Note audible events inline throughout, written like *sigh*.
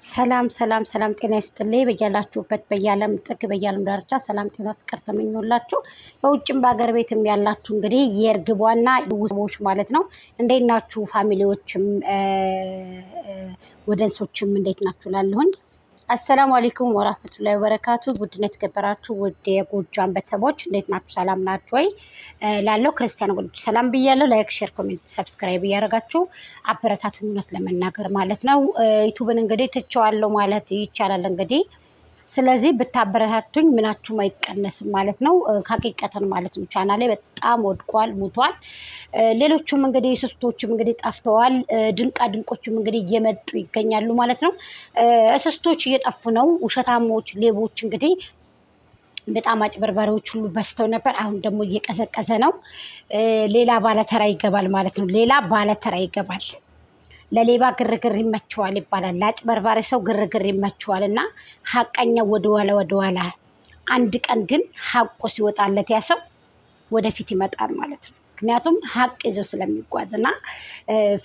ሰላም ሰላም ሰላም፣ ጤና ይስጥልኝ በያላችሁበት በያለም ጥግ በያለም ዳርቻ ሰላም ጤና ፍቅር ተመኞላችሁ። በውጭም በሀገር ቤትም ያላችሁ እንግዲህ የእርግቧና ውስቦች ማለት ነው። እንዴት ናችሁ ፋሚሊዎችም ወደንሶችም እንዴት ናችሁ ላለሁኝ አሰላሙ አለይኩም ወራህመቱላሂ ወበረካቱ። ውድና የተከበራችሁ ውድ የጎጃም ቤተሰቦች እንዴት ናችሁ? ሰላም ናችሁ ወይ? ላለው ክርስቲያን ወልጅ ሰላም ብያለሁ። ላይክ፣ ሼር፣ ኮሜንት፣ ሰብስክራይብ እያደረጋችሁ አበረታቱ እውነት ለመናገር ማለት ነው ዩቱብን እንግዲህ ትቼዋለሁ ማለት ይቻላል እንግዲህ ስለዚህ ብታበረታቱኝ ምናችሁም አይቀነስም ማለት ነው። ካቂቀተን ማለት ነው። ቻና ላይ በጣም ወድቋል፣ ሙቷል። ሌሎቹም እንግዲህ እስስቶችም እንግዲህ ጠፍተዋል። ድንቃ ድንቆችም እንግዲህ እየመጡ ይገኛሉ ማለት ነው። እስስቶች እየጠፉ ነው። ውሸታሞች፣ ሌቦች እንግዲህ በጣም አጭበርባሪዎች ሁሉ በስተው ነበር። አሁን ደግሞ እየቀዘቀዘ ነው። ሌላ ባለተራ ይገባል ማለት ነው። ሌላ ባለተራ ይገባል። ለሌባ ግርግር ይመቸዋል ይባላል። ለአጭበርባሪ ሰው ግርግር ይመቸዋል እና ሀቀኛ ወደኋላ ወደኋላ፣ አንድ ቀን ግን ሀቁ ሲወጣለት ያ ሰው ወደፊት ይመጣል ማለት ነው። ምክንያቱም ሀቅ ይዞ ስለሚጓዝ እና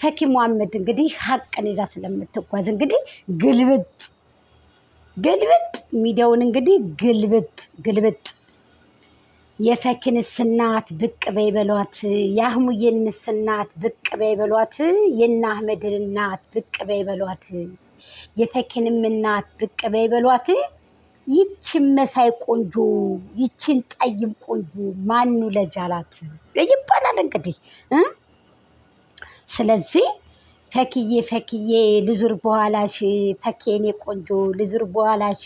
ፈኪ መሐመድ እንግዲህ ሀቅን ይዛ ስለምትጓዝ እንግዲህ ግልብጥ ግልብጥ ሚዲያውን እንግዲህ ግልብጥ ግልብጥ የፈኪንስ እናት ብቅ በይ በሏት፣ የአህሙዬንስ እናት ብቅ በይ በሏት፣ የእነ አህመድን እናት ብቅ በይ በሏት፣ የፈኪንም እናት ብቅ በይ በሏት። ይችን መሳይ ቆንጆ ይችን ጠይም ቆንጆ ማኑ ለጃላት ይባላል እንግዲህ ስለዚህ ፈክዬ ፈክዬ ልዙር በኋላሽ ፈኬ እኔ ቆንጆ ልዙር በኋላሽ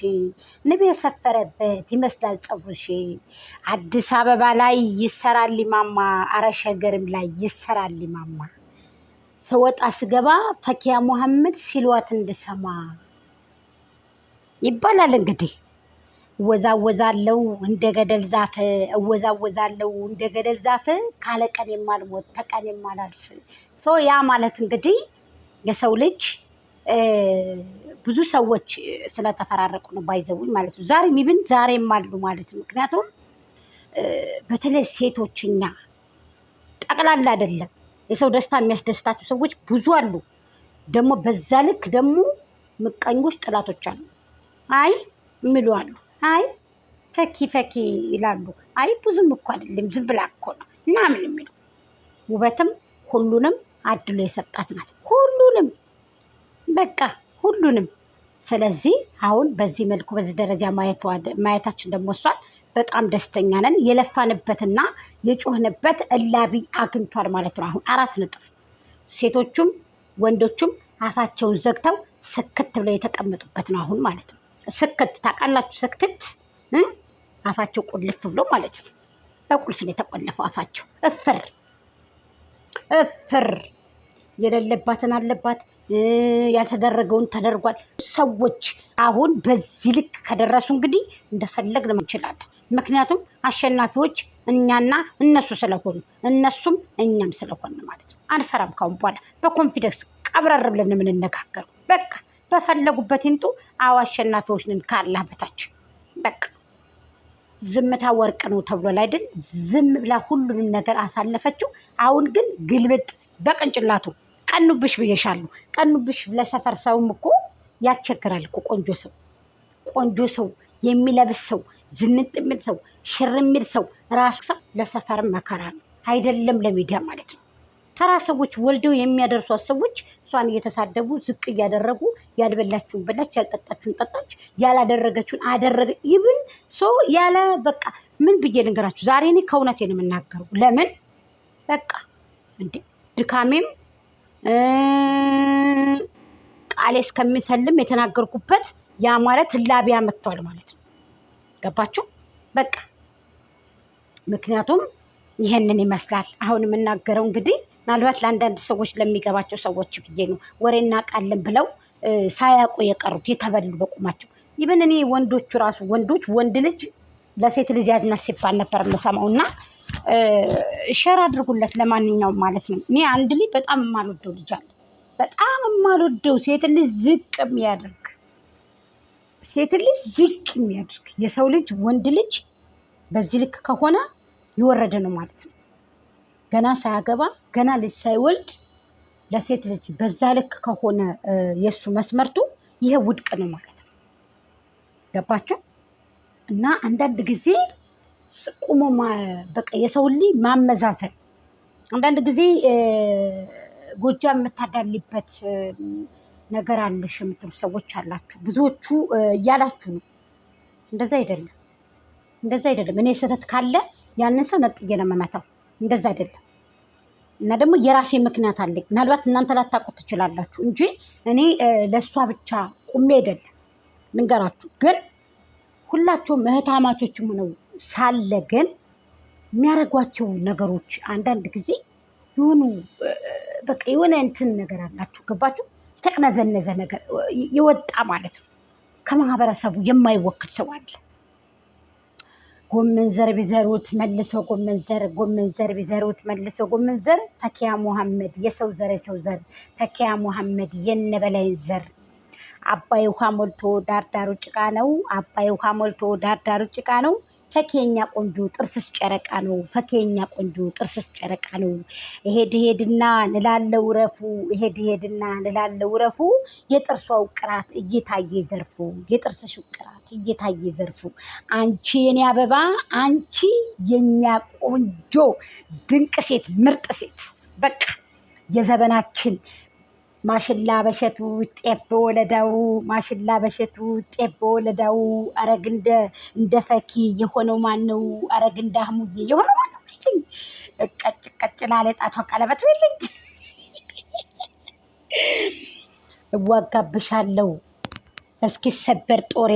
ንብ የሰፈረበት ይመስላል ጸጉርሽ። አዲስ አበባ ላይ ይሰራል ማማ፣ አረሸገርም ላይ ይሰራል ማማ። ስወጣ ስገባ ፈኪያ ሙሐመድ ሲሏት እንድሰማ ይባላል እንግዲህ እወዛወዛለው እንደ ገደል ዛፍ እወዛወዛለው እንደ ገደል ዛፍ ካለ ቀን የማልሞት ተቀን የማላልፍ ሶ ያ ማለት እንግዲህ የሰው ልጅ ብዙ ሰዎች ስለተፈራረቁ ነው ባይዘውኝ ማለት ነው። ዛሬ ሚብን ዛሬ የማሉ ማለት ነው። ምክንያቱም በተለይ ሴቶችኛ ጠቅላላ አይደለም የሰው ደስታ የሚያስደስታቸው ሰዎች ብዙ አሉ። ደግሞ በዛ ልክ ደግሞ ምቀኞች፣ ጥላቶች አሉ። አይ የሚሉ አሉ። አይ ፈኪ ፈኪ ይላሉ። አይ ብዙም እኮ አይደለም ዝም ብላ እኮ ነው እና ምን የሚሉ ውበትም ሁሉንም አድሎ የሰጣት ናት። ሁሉንም በቃ ሁሉንም። ስለዚህ አሁን በዚህ መልኩ በዚህ ደረጃ ማየታችን ደግሞ እሷን በጣም ደስተኛ ነን። የለፋንበትና የጮህንበት እላቢ አግኝቷል ማለት ነው። አሁን አራት ነጥብ ሴቶቹም ወንዶቹም አፋቸውን ዘግተው ስክት ብለው የተቀመጡበት ነው አሁን ማለት ነው። ስክት ታውቃላችሁ፣ ስክትት አፋቸው ቁልፍ ብሎ ማለት ነው። በቁልፍ ነው የተቆለፈው አፋቸው። እፍር እፍር የሌለባትን አለባት፣ ያልተደረገውን ተደርጓል። ሰዎች አሁን በዚህ ልክ ከደረሱ እንግዲህ ነው እንችላለን። ምክንያቱም አሸናፊዎች እኛና እነሱ ስለሆኑ እነሱም እኛም ስለሆን ማለት ነው። አንፈራም። ካሁን በኋላ በኮንፊደንስ ቀብረር ብለን የምንነጋገረው በቃ በፈለጉበት ይንጡ። አዎ አሸናፊዎች ነን ካላህ በታች በቃ ዝምታ ወርቅ ነው ተብሏል አይደል? ዝም ብላ ሁሉንም ነገር አሳለፈችው። አሁን ግን ግልብጥ በቅንጭላቱ ቀኑብሽ ብዬሻሉ። ቀኑብሽ ለሰፈር ሰውም እኮ ያስቸግራል እኮ ቆንጆ ሰው ቆንጆ ሰው የሚለብስ ሰው ዝንጥ የሚል ሰው ሽር የሚል ሰው ራሱ ሰው ለሰፈር መከራ ነው አይደለም ለሚዲያ ማለት ነው። ተራ ሰዎች ወልደው የሚያደርሷት ሰዎች እሷን እየተሳደቡ ዝቅ እያደረጉ ያልበላችሁን በላች፣ ያልጠጣችሁን ጠጣች፣ ያላደረገችሁን አደረገ። ይብን ሶ ያለ በቃ ምን ብዬ ልንገራችሁ? ዛሬ እኔ ከእውነቴ ነው የምናገረው። ለምን በቃ እንዴ ድካሜም ቃሌ እስከሚሰልም የተናገርኩበት ያ ማለት ላቢያ መጥቷል ማለት ነው። ገባችሁ? በቃ ምክንያቱም ይህንን ይመስላል። አሁን የምናገረው እንግዲህ ምናልባት ለአንዳንድ ሰዎች ለሚገባቸው ሰዎች ብዬ ነው ወሬ እናውቃለን ብለው ሳያውቁ የቀሩት የተበሉ በቁማቸው። ይብን እኔ ወንዶቹ ራሱ ወንዶች ወንድ ልጅ ለሴት ልጅ ያድናት ሲባል ነበር የምሰማው እና ሸር አድርጉለት ለማንኛውም ማለት ነው። እኔ አንድ ልጅ በጣም የማልወደው ልጅ አለ። በጣም የማልወደው ሴት ልጅ ዝቅ የሚያደርግ ሴት ልጅ ዝቅ የሚያደርግ የሰው ልጅ ወንድ ልጅ በዚህ ልክ ከሆነ የወረደ ነው ማለት ነው። ገና ሳያገባ ገና ልጅ ሳይወልድ ለሴት ልጅ በዛ ልክ ከሆነ የእሱ መስመርቱ ይሄ ውድቅ ነው ማለት ነው። ገባችሁ? እና አንዳንድ ጊዜ ቁሞ በቃ የሰውን ልጅ ማመዛዘን አንዳንድ ጊዜ ጎጃ የምታዳልበት ነገር አለሽ የምትሉ ሰዎች አላችሁ። ብዙዎቹ እያላችሁ ነው። እንደዛ አይደለም፣ እንደዛ አይደለም። እኔ ስህተት ካለ ያንን ሰው ነጥዬ ነው የምመታው። እንደዛ አይደለም። እና ደግሞ የራሴ ምክንያት አለኝ። ምናልባት እናንተ ላታውቁት ትችላላችሁ እንጂ እኔ ለእሷ ብቻ ቁሜ አይደለም ልንገራችሁ። ግን ሁላቸውም እህታማቾችም ሆነው ሳለ ግን የሚያደርጓቸው ነገሮች አንዳንድ ጊዜ የሆኑ በቃ የሆነ እንትን ነገር አላችሁ፣ ገባችሁ? የተቅነዘነዘ ነገር የወጣ ማለት ነው። ከማህበረሰቡ የማይወክል ሰው አለ። ጎመን ዘር ቢዘሩት መልሶ ጎመን ዘር፣ ጎመን ዘር ቢዘሩት መልሶ ጎመን ዘር። ተኪያ ሙሐመድ የሰው ዘር የሰው ዘር ተኪያ ሙሐመድ የነበላይን ዘር። አባይ ውሃ ሞልቶ ዳርዳሩ ጭቃ ነው። አባይ ውሃ ሞልቶ ዳርዳሩ ጭቃ ነው። ፈኬኛ ቆንጆ ጥርስስ ጨረቃ ነው። ፈኬኛ ቆንጆ ጥርስስ ጨረቃ ነው። እሄድ ሄድና ንላለው ረፉ እሄድ ሄድና ንላለው ረፉ የጥርሷው ቅራት እየታየ ዘርፉ የጥርስሽ ቅራት እየታየ ዘርፉ አንቺ የኔ አበባ አንቺ የኛ ቆንጆ ድንቅ ሴት ምርጥ ሴት በቃ የዘበናችን ማሽላ በሸቱ ጤፍ ወለደው ማሽላ በሸቱ ጤፍ ወለደው አረግ እንደ እንደ ፈኪ የሆነው ማን ነው? አረግ እንደ አህሙዬ የሆነው ማን ነው? ይልኝ ቀጭ ቀጭ ላለ ጣቷ ቀለበት ይልኝ እዋጋብሻለሁ እስኪሰበር ጦሬ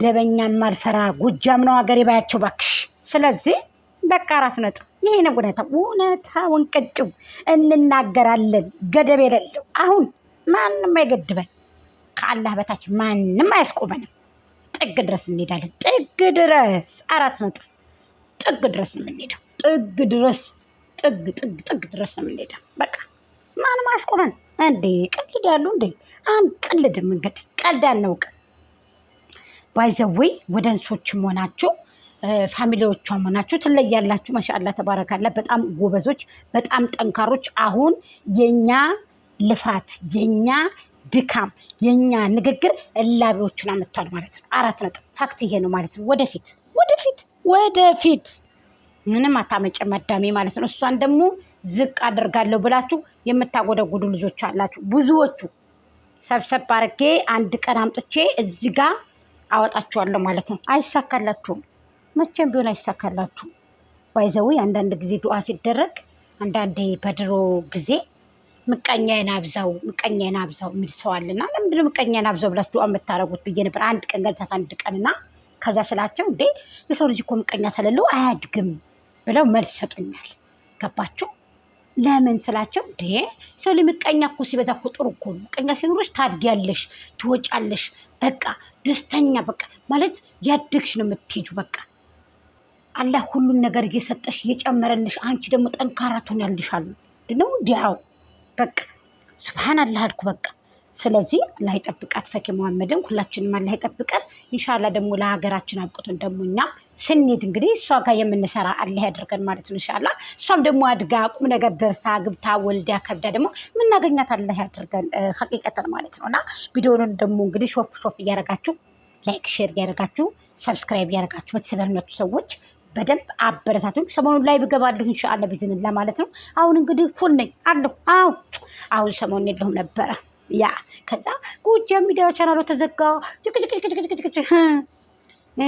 ደበኛም አልፈራ ጎጃም ነው አገሬ ባያቸው ባክሽ። ስለዚህ በቃ አራት ነጥብ ይሄ ነው እውነታው። እውነታውን ቅጭው እንናገራለን፣ ገደብ የሌለው አሁን ማንም አይገድበን፣ ከአላህ በታች ማንም አያስቆመንም። ጥግ ድረስ እንሄዳለን። ጥግ ድረስ አራት ነጥብ። ጥግ ድረስ ነው የምንሄደው። ጥግ ድረስ ጥግ ጥግ ጥግ ድረስ ነው የምንሄደው። በቃ ማንም አያስቆመን። እንዴ ቀልድ ያሉ እንዴ አንቀልድም። እንግዲህ ቀልድ አናውቅም። ባይዘዌ ወደ እንሶች መሆናችሁ ፋሚሊዎቿ መሆናችሁ ትለያላችሁ። ማሻአላ ተባረካለ። በጣም ጎበዞች፣ በጣም ጠንካሮች። አሁን የኛ ልፋት የኛ ድካም የኛ ንግግር እላቢዎቹን አመጥቷል ማለት ነው። አራት ነጥብ ፋክት ይሄ ነው ማለት ነው። ወደፊት ወደፊት ወደፊት ምንም አታመጭም መዳሜ ማለት ነው። እሷን ደግሞ ዝቅ አድርጋለሁ ብላችሁ የምታጎደጉዱ ልጆች አላችሁ ብዙዎቹ። ሰብሰብ አድርጌ አንድ ቀን አምጥቼ እዚህ ጋ አወጣችኋለሁ ማለት ነው። አይሳካላችሁም። መቼም ቢሆን አይሳካላችሁ። ባይዘዊ አንዳንድ ጊዜ ዱዓ ሲደረግ አንዳንዴ በድሮ ጊዜ ምቀኛዬን አብዛው ምቀኛዬን አብዛው የሚል ሰው አለና ለምንድነው ምቀኛዬን አብዛው ብላችሁ ዱዓ የምታደርጉት ብዬ ነበር። አንድ ቀን ገልጻት አንድ ቀን እና ከዛ ስላቸው እንዴ የሰው ልጅ እኮ ምቀኛ ተለለው አያድግም ብለው መልስ ሰጡኛል። ገባችሁ? ለምን ስላቸው እንዴ ሰው ልጅ ምቀኛ እኮ ሲበዛ እኮ ጥሩ እኮ ምቀኛ ሲኖርሽ ታድጊያለሽ፣ ትወጫለሽ። በቃ ደስተኛ በቃ ማለት ያድግሽ ነው የምትሄጁ በቃ አላህ ሁሉን ነገር እየሰጠሽ እየጨመረልሽ፣ አንቺ ደግሞ ጠንካራ ትሆኛለሽ አሉ ድነው እንዲያው በቃ ስብሓን አላህ አልኩ በቃ። ስለዚህ አላህ ይጠብቃት ፈኪ መሐመድን፣ ሁላችንም አላህ ይጠብቀን። ኢንሻላህ ደግሞ ለሀገራችን አብቅቶን ደግሞ እኛም ስንሄድ እንግዲህ እሷ ጋር የምንሰራ አላህ ያደርገን ማለት ነው ኢንሻላህ። እሷም ደግሞ አድጋ ቁም ነገር ደርሳ ግብታ ወልዳ ከብዳ ደግሞ የምናገኛት አላህ ያደርገን ሀቂቀተን ማለት ነው። እና ቪዲዮውን ደግሞ እንግዲህ ሾፍ ሾፍ እያደረጋችሁ ላይክ ሼር እያደረጋችሁ ሰብስክራይብ እያደረጋችሁ ቤተሰብ ሰዎች በደንብ አበረታቱኝ። ሰሞኑን ላይ ብገባለሁ እንሻአለ ቢዝንላ ማለት ነው። አሁን እንግዲህ ፉል ነኝ አለሁ። አዎ አሁን ሰሞኑን የለሁም ነበረ ያ ከዛ ጉጅ ሚዲያ ቻናሎ ተዘጋ።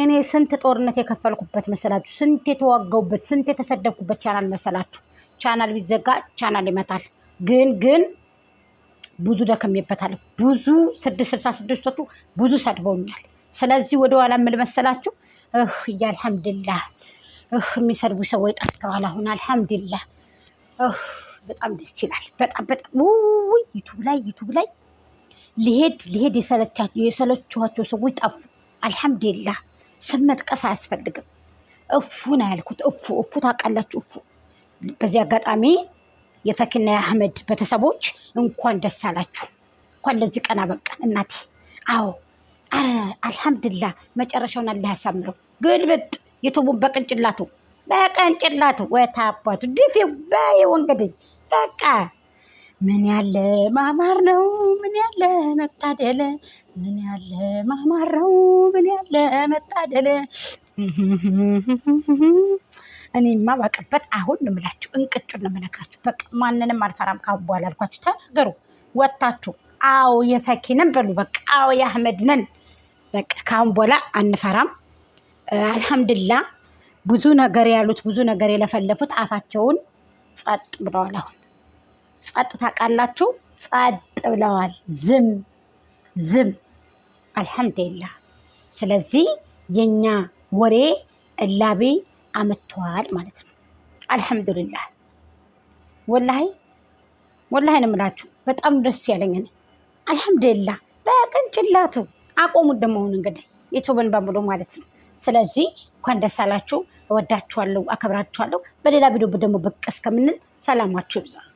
እኔ ስንት ጦርነት የከፈልኩበት መሰላችሁ? ስንት የተዋገውበት፣ ስንት የተሰደብኩበት ቻናል መሰላችሁ? ቻናል ቢዘጋ ቻናል ይመታል። ግን ግን ብዙ ደክሜበታል። ብዙ ስድስት ስልሳ ሰቱ ብዙ ሰድበውኛል። ስለዚህ ወደኋላ የምል መሰላችሁ እህ አልሐምድላህ የሚሰድቡ ሰዎች ጠፍተዋል። አሁን አልሐምዱላ በጣም ደስ ይላል። በጣም በጣም ውይ ዩቱብ ላይ ዩቱብ ላይ ሊሄድ ሊሄድ የሰለችኋቸው ሰዎች ጠፉ። አልሐምዱላ ስም መጥቀስ አያስፈልግም። እፉ ነው ያልኩት። እፉ እፉ ታውቃላችሁ። እፉ በዚህ አጋጣሚ የፈኪና የአህመድ ቤተሰቦች እንኳን ደስ አላችሁ፣ እንኳን ለዚህ ቀን አበቃን። እናቴ አዎ፣ አረ አልሐምዱሊላህ መጨረሻውን አላህ ያሳምረው ግልብጥ ዩቱቡን በቅንጭላቱ በቅንጭላቱ ወታ አባቱ ድፌው በየው በቃ ምን ያለ ማማር ነው፣ ምን ያለ መታደለ፣ ምን ያለ ማማር ነው፣ ምን ያለ መታደለ። *laughs* እኔማ ባቀበት አሁን ነው የምላችሁ፣ እንቅጩን ነው በቃ ማንንም አልፈራም ካሁን በኋላ አልኳችሁ። ተናገሩ ወታችሁ፣ አዎ የፈኪ ነን በሉ። በቃ አዎ የአህመድ ነን። በቃ ካሁን በኋላ አንፈራም። አልሐምድላ ብዙ ነገር ያሉት ብዙ ነገር የለፈለፉት አፋቸውን ጸጥ ብለዋል። አሁን ጸጥ ታውቃላችሁ፣ ጸጥ ብለዋል። ዝም ዝም አልሐምድላ። ስለዚህ የኛ ወሬ እላቤ አመጥተዋል ማለት ነው። አልሐምዱልላህ ወላሂ ወላሂ ነው የምላችሁ። በጣም ደስ ያለኝ እኔ አልሐምዱሊላህ በቅንጭላቱ አቆሙት። ደሞ እንግዲህ የቶበን በሙሉ ማለት ነው። ስለዚህ እንኳን ደስ አላችሁ። እወዳችኋለሁ፣ አከብራችኋለሁ። በሌላ ቪዲዮ ደግሞ ብቅ እስከምንል ሰላማችሁ ይብዛል።